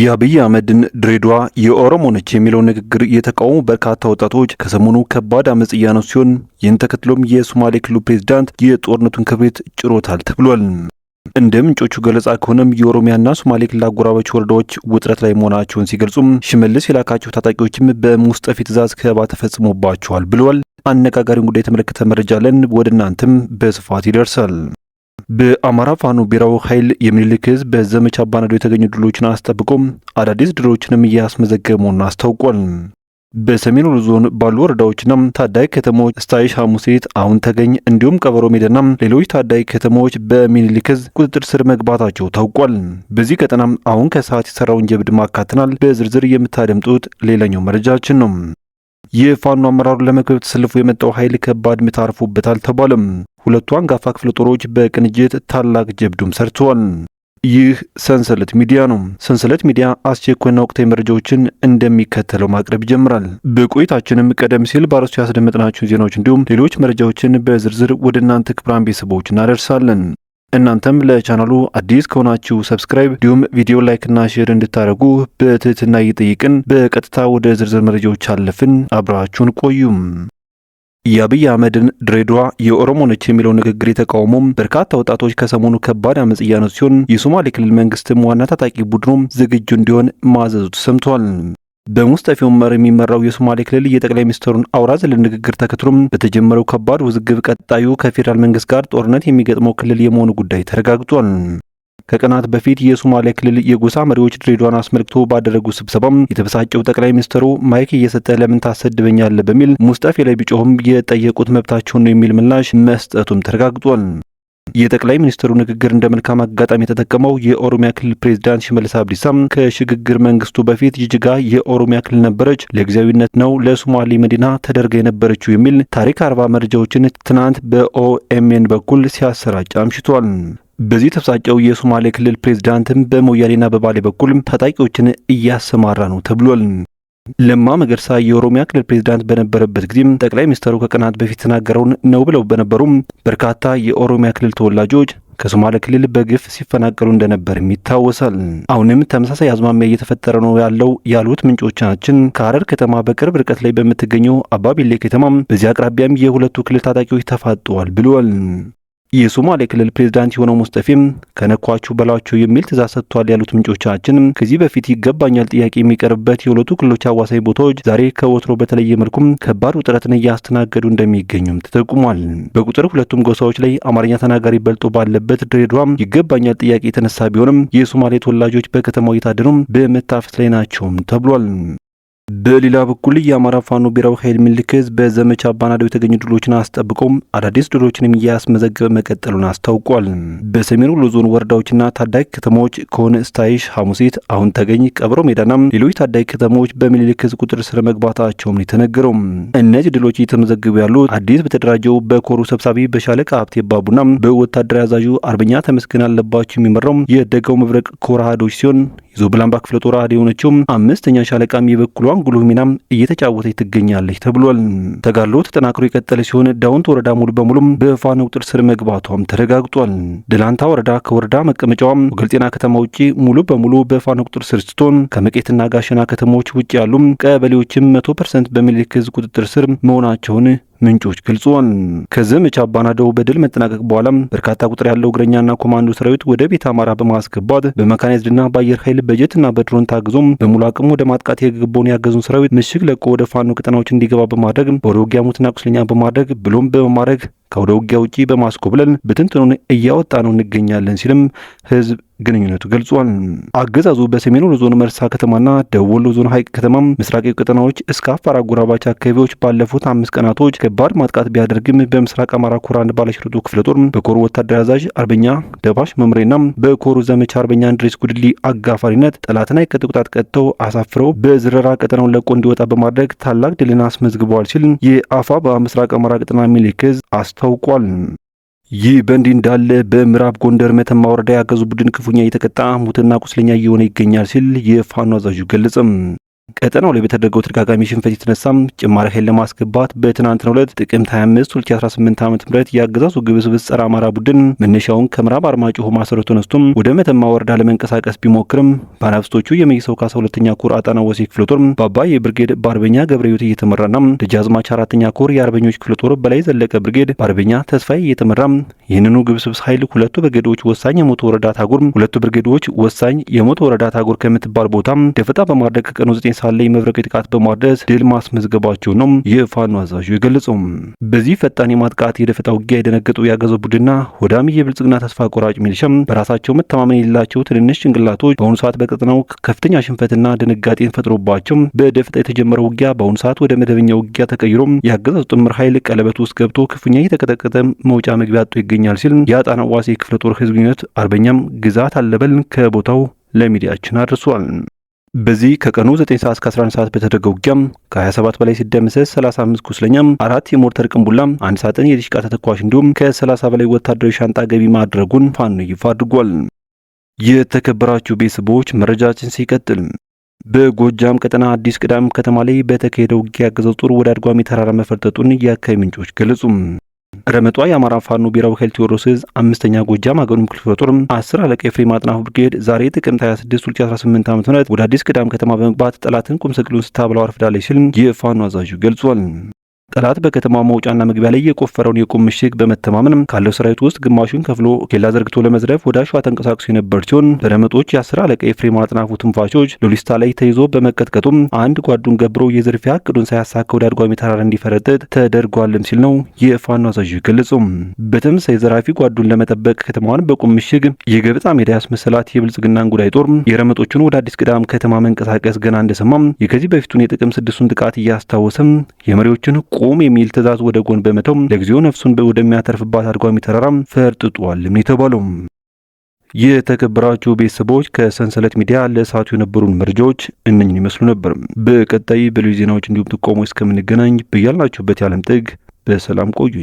የአብይ አህመድን ድሬዷ የኦሮሞ ነች የሚለው ንግግር የተቃወሙ በርካታ ወጣቶች ከሰሞኑ ከባድ አመፅ እያነሱ ሲሆን ይህን ተከትሎም የሶማሌ ክልሉ ፕሬዚዳንት የጦርነቱን ክብሪት ጭሮታል ተብሏል። እንደ ምንጮቹ ገለጻ ከሆነም የኦሮሚያና ሶማሌ ክልል አጎራባች ወረዳዎች ውጥረት ላይ መሆናቸውን ሲገልጹም ሽመልስ የላካቸው ታጣቂዎችም በሙስጠፊ ትእዛዝ ከበባ ተፈጽሞባቸዋል ብለዋል። አነጋጋሪውን ጉዳይ የተመለከተ መረጃ አለን፣ ወደ እናንተም በስፋት ይደርሳል። በአማራ ፋኖ ብሔራዊ ኃይል የሚኒልክ ህዝብ በዘመቻ አባናዶ የተገኙ ድሎችን አስጠብቆም አዳዲስ ድሎችንም እያስመዘገበ መሆኑን አስታውቋል። በሰሜን ወሎ ዞን ባሉ ወረዳዎችና ታዳጊ ከተሞች ስታይሽ ሐሙሴት፣ አሁን ተገኝ እንዲሁም ቀበሮ ሜዳና ሌሎች ታዳጊ ከተሞች በሚኒሊክዝ ቁጥጥር ስር መግባታቸው ታውቋል። በዚህ ቀጠና አሁን ከሰዓት የሰራውን ጀብድ ማካተናል። በዝርዝር የምታደምጡት ሌላኛው መረጃችን ነው። የፋኖ አመራሩ ለመክበብ ተሰልፎ የመጣው ኃይል ከባድ ምት አርፎበታል ተባለም። ሁለቱ አንጋፋ ክፍለ ጦሮች በቅንጅት ታላቅ ጀብዱም ሰርተዋል። ይህ ሰንሰለት ሚዲያ ነው። ሰንሰለት ሚዲያ አስቸኳይና ወቅታዊ መረጃዎችን እንደሚከተለው ማቅረብ ይጀምራል። በቆይታችንም ቀደም ሲል በአርዕስቱ ያስደመጥናችሁን ዜናዎች እንዲሁም ሌሎች መረጃዎችን በዝርዝር ወደ እናንተ ክቡራን ቤተሰቦች እናደርሳለን። እናንተም ለቻናሉ አዲስ ከሆናችሁ ሰብስክራይብ፣ እንዲሁም ቪዲዮ ላይክና ሼር እንድታደርጉ በትህትና እየጠየቅን በቀጥታ ወደ ዝርዝር መረጃዎች አለፍን። አብራችሁን ቆዩም። የአብይ አህመድን ድሬዳዋ የኦሮሞ ነች የሚለው ንግግር የተቃውሞም በርካታ ወጣቶች ከሰሞኑ ከባድ አመጽ እያነሱ ሲሆን የሶማሌ ክልል መንግስትም ዋና ታጣቂ ቡድኑም ዝግጁ እንዲሆን ማዘዙ ተሰምቷል። በሙስጠፊ ዑመር የሚመራው የሶማሌ ክልል የጠቅላይ ሚኒስትሩን አውራዝ ለንግግር ተከትሎም በተጀመረው ከባድ ውዝግብ ቀጣዩ ከፌዴራል መንግስት ጋር ጦርነት የሚገጥመው ክልል የመሆኑ ጉዳይ ተረጋግጧል። ከቀናት በፊት የሶማሌ ክልል የጎሳ መሪዎች ድሬዳዋን አስመልክቶ ባደረጉ ስብሰባም የተበሳጨው ጠቅላይ ሚኒስትሩ ማይክ እየሰጠ ለምን ታሰድበኛለህ በሚል ሙስጠፊ ላይ ቢጮህም የጠየቁት መብታቸውን ነው የሚል ምላሽ መስጠቱም ተረጋግጧል። የጠቅላይ ሚኒስትሩ ንግግር እንደ መልካም አጋጣሚ የተጠቀመው የኦሮሚያ ክልል ፕሬዚዳንት ሽመልስ አብዲሳም ከሽግግር መንግስቱ በፊት ጅጅጋ የኦሮሚያ ክልል ነበረች፣ ለጊዜያዊነት ነው ለሶማሌ መዲና ተደርጋ የነበረችው የሚል ታሪክ አልባ መረጃዎችን ትናንት በኦኤምኤን በኩል ሲያሰራጭ አምሽቷል። በዚህ ተብሳጨው የሶማሌ ክልል ፕሬዚዳንትም በሞያሌና በባሌ በኩል ታጣቂዎችን እያሰማራ ነው ተብሏል። ለማ መገርሳ የኦሮሚያ ክልል ፕሬዚዳንት በነበረበት ጊዜም ጠቅላይ ሚኒስትሩ ከቀናት በፊት ተናገረውን ነው ብለው በነበሩም በርካታ የኦሮሚያ ክልል ተወላጆች ከሶማሌ ክልል በግፍ ሲፈናቀሉ እንደነበርም ይታወሳል። አሁንም ተመሳሳይ አዝማሚያ እየተፈጠረ ነው ያለው ያሉት ምንጮቻችን ከሀረር ከተማ በቅርብ ርቀት ላይ በምትገኘው አባቢሌ ከተማ በዚህ አቅራቢያም የሁለቱ ክልል ታጣቂዎች ተፋጠዋል ብሏል። የሶማሌ ክልል ፕሬዝዳንት የሆነው ሙስጠፌም ከነኳችሁ በላቸው የሚል ትእዛዝ ሰጥቷል ያሉት ምንጮቻችን ከዚህ በፊት ይገባኛል ጥያቄ የሚቀርብበት የሁለቱ ክልሎች አዋሳኝ ቦታዎች ዛሬ ከወትሮ በተለየ መልኩም ከባድ ውጥረትን እያስተናገዱ እንደሚገኙም ተጠቁሟል። በቁጥር ሁለቱም ጎሳዎች ላይ አማርኛ ተናጋሪ በልጦ ባለበት ድሬዳዋ ይገባኛል ጥያቄ የተነሳ ቢሆንም የሶማሌ ተወላጆች በከተማው እየታደኑም በመታፈስ ላይ ናቸውም ተብሏል። በሌላ በኩል የአማራ ፋኖ ብሔራዊ ኃይል ምልክት በዘመቻ አባናዶ የተገኙ ድሎችን አስጠብቆም አዳዲስ ድሎችንም እያስመዘገበ መቀጠሉን አስታውቋል። በሰሜን ወሎ ዞን ወረዳዎችና ታዳጊ ከተሞች ከሆነ ስታይሽ፣ ሐሙሲት፣ አሁን ተገኝ፣ ቀብሮ ሜዳና ሌሎች ታዳጊ ከተሞች በምኒልክ ቁጥር ስለ መግባታቸውም የተነገረው እነዚህ ድሎች እየተመዘገቡ ያሉት አዲስ በተደራጀው በኮሩ ሰብሳቢ በሻለቃ ሀብቴ ባቡና በወታደራዊ አዛዡ አርበኛ ተመስገን አለባቸው የሚመራው የደጋው መብረቅ ኮር አሃዶች ሲሆን ብላምባ ክፍለ ጦር አህድ የሆነችውም አምስተኛ ሻለቃ የበኩሏን ጉልህ ሚናም እየተጫወተች ትገኛለች ተብሏል። ተጋድሎ ተጠናክሮ የቀጠለ ሲሆን ዳውንት ወረዳ ሙሉ በሙሉም በፋኖው ቁጥር ስር መግባቷም ተረጋግጧል። ደላንታ ወረዳ ከወረዳ መቀመጫዋም ወገልጤና ከተማ ውጪ ሙሉ በሙሉ በፋኖው ቁጥጥር ስር ስትሆን ከመቄትና ጋሸና ከተሞች ውጭ ያሉ ቀበሌዎችም መቶ ፐርሰንት በሚሊክ ህዝብ ቁጥጥር ስር መሆናቸውን ምንጮች ገልጿል። ከዘመቻ አባናደው በድል መጠናቀቅ በኋላም በርካታ ቁጥር ያለው እግረኛና ኮማንዶ ሰራዊት ወደ ቤት አማራ በማስገባት በመካናይዝድና በአየር ኃይል በጀትና በድሮን ታግዞም በሙሉ አቅሙ ወደ ማጥቃት የገባውን ያገዙን ሰራዊት ምሽግ ለቆ ወደ ፋኖ ቀጠናዎች እንዲገባ በማድረግ በወደ ውጊያ ሙትና ቁስለኛ በማድረግ ብሎም በማድረግ ከወደ ውጊያ ውጪ በማስኮብለል ብትንትኑን እያወጣ ነው እንገኛለን ሲልም ህዝብ ግንኙነቱ ገልጿል። አገዛዙ በሰሜኑ ዞን መርሳ ከተማና ደቡብ ወሎ ዞን ሀይቅ ከተማም ምስራቅ ቀጠናዎች እስከ አፋር አጎራባች አካባቢዎች ባለፉት አምስት ቀናቶች ከባድ ማጥቃት ቢያደርግም በምስራቅ አማራ ኮር አንድ ባለሽርጡ ክፍለ ጦር በኮር ወታደር አዛዥ አርበኛ ደባሽ መምሬና በኮሩ ዘመቻ አርበኛ እንድሬስ ጉድሊ አጋፋሪነት ጠላትና የቀጥ ቁጣት ቀጥተው አሳፍረው በዝረራ ቀጠናውን ለቆ እንዲወጣ በማድረግ ታላቅ ድልን አስመዝግበዋል ሲል የአፋ በምስራቅ አማራ ቀጠና ሚሊክዝ አስታ ታውቋል። ይህ በእንዲህ እንዳለ በምዕራብ ጎንደር መተማ ወረዳ ያገዙ ቡድን ክፉኛ እየተቀጣ ሙትና ቁስለኛ እየሆነ ይገኛል ሲል የፋኖ አዛዡ ገለጸም። ቀጠናው ላይ በተደረገው ተደጋጋሚ ሽንፈት የተነሳም ጭማሪ ኃይል ለማስገባት በትናንትናው ዕለት ጥቅምት 25 2018 ዓ ም የአገዛዙ ግብስብስ ጸረ አማራ ቡድን መነሻውን ከምዕራብ አርማጭሆ ማሰረቱ ተነስቶም ወደ መተማ ወረዳ ለመንቀሳቀስ ቢሞክርም ባናብስቶቹ የመይሰው ካሳ ሁለተኛ ኮር አጣና ወሴ ክፍለ ጦር በአባይ ብርጌድ በአርበኛ ገብረ ሕይወት እየተመራና ደጃዝማች አራተኛ ኮር የአርበኞች ክፍለ ጦር በላይ ዘለቀ ብርጌድ በአርበኛ ተስፋዬ እየተመራ ይህንኑ ግብስብስ ኃይል ሁለቱ ብርጌዶች ወሳኝ የሞት ወረዳ ታጉር ሁለቱ ብርጌዶች ወሳኝ የሞት ወረዳ ታጉር ከምትባል ቦታ ደፈጣ በማድረግ ከቀኑ 9 ሳለ የመብረቅ ጥቃት በማድረስ ድል ማስመዝገባቸው ነው የፋኖ አዛዡ የገለጹም። በዚህ ፈጣን የማጥቃት የደፈጣ ውጊያ የደነገጡ ያገዘ ቡድንና ሆዳሚ የብልጽግና ተስፋ ቆራጭ ሚሊሻም በራሳቸው መተማመን የሌላቸው ትንንሽ ጭንቅላቶች በአሁኑ ሰዓት በቀጠናው ከፍተኛ ሽንፈትና ድንጋጤን ፈጥሮባቸው በደፈጣ የተጀመረው ውጊያ በአሁኑ ሰዓት ወደ መደበኛ ውጊያ ተቀይሮም ያገዘው ጥምር ኃይል ቀለበት ውስጥ ገብቶ ክፉኛ እየተቀጠቀጠ መውጫ መግቢያ አጥቶ ይገኛል ሲል የአጣና ዋሴ ክፍለ ጦር ህዝብ ግንኙነት አርበኛም ግዛት አለበል ከቦታው ለሚዲያችን አድርሷል። በዚህ ከቀኑ 9 ሰዓት እስከ 11 ሰዓት በተደረገው ውጊያ ከ27 በላይ ሲደመሰስ 35 ቁስለኛም፣ አራት የሞርተር ቅንቡላ፣ አንድ ሳጥን የዲሽቃ ተተኳሽ እንዲሁም ከ30 በላይ ወታደራዊ ሻንጣ ገቢ ማድረጉን ፋኖ ይፋ አድርጓል። የተከበራችሁ ቤተሰቦች መረጃችን ሲቀጥል በጎጃም ቀጠና አዲስ ቅዳም ከተማ ላይ በተካሄደው ውጊያ ያገዘው ጦር ወደ አድጓሚ ተራራ መፈርጠጡን የአካባቢ ምንጮች ገለጹ። ረመጧ የአማራ ፋኖ ብሔራዊ ኃይል ቴዎድሮስ ዕዝ አምስተኛ ጎጃም አገኑም ክፍለ ጦርም አስር አለቃ የፍሬም አጥናፉ ብርጌድ ዛሬ ጥቅምት 26 2018 ዓ ምት ወደ አዲስ ቅዳም ከተማ በመግባት ጠላትን ቁምስቅሉን ስታብላው አርፍዳለች ሲል የፋኖ አዛዡ ገልጿል። ጠላት በከተማው መውጫና መግቢያ ላይ የቆፈረውን የቁም ምሽግ በመተማመን ካለው ሰራዊት ውስጥ ግማሹን ከፍሎ ኬላ ዘርግቶ ለመዝረፍ ወደ አሸዋ ተንቀሳቅሶ የነበር ሲሆን በረመጦች የአስር አለቃ የፍሬ ማጥናፉ ትንፋሾች ሎሊስታ ላይ ተይዞ በመቀጥቀጡም አንድ ጓዱን ገብሮ የዝርፊያ እቅዱን ሳያሳካ ወደ አድጓሚ ተራራ እንዲፈረጥጥ ተደርጓልም ሲል ነው የፋኖ አዛዥ ገለጹም። በተመሳይ ዘራፊ ጓዱን ለመጠበቅ ከተማዋን በቁም ምሽግ የገበጣ ሜዳ ያስመሰላት የብልጽግናን ጉዳይ ጦር የረመጦቹን ወደ አዲስ ቅዳም ከተማ መንቀሳቀስ ገና እንደሰማም የከዚህ በፊቱን የጥቅም ስድስቱን ጥቃት እያስታወሰም የመሪዎችን ቁም የሚል ትእዛዝ ወደ ጎን በመተው ለጊዜው ነፍሱን ወደሚያተርፍባት አድጓሚ ተራራም ፈርጥጧል የተባለው። የተከበራችሁ ቤተሰቦች ከሰንሰለት ሚዲያ ለሰዓቱ የነበሩን መረጃዎች እነኝን ይመስሉ ነበር። በቀጣይ በልዩ ዜናዎች እንዲሁም ጥቆሞች እስከምንገናኝ በያላችሁበት የዓለም ጥግ በሰላም ቆዩኝ።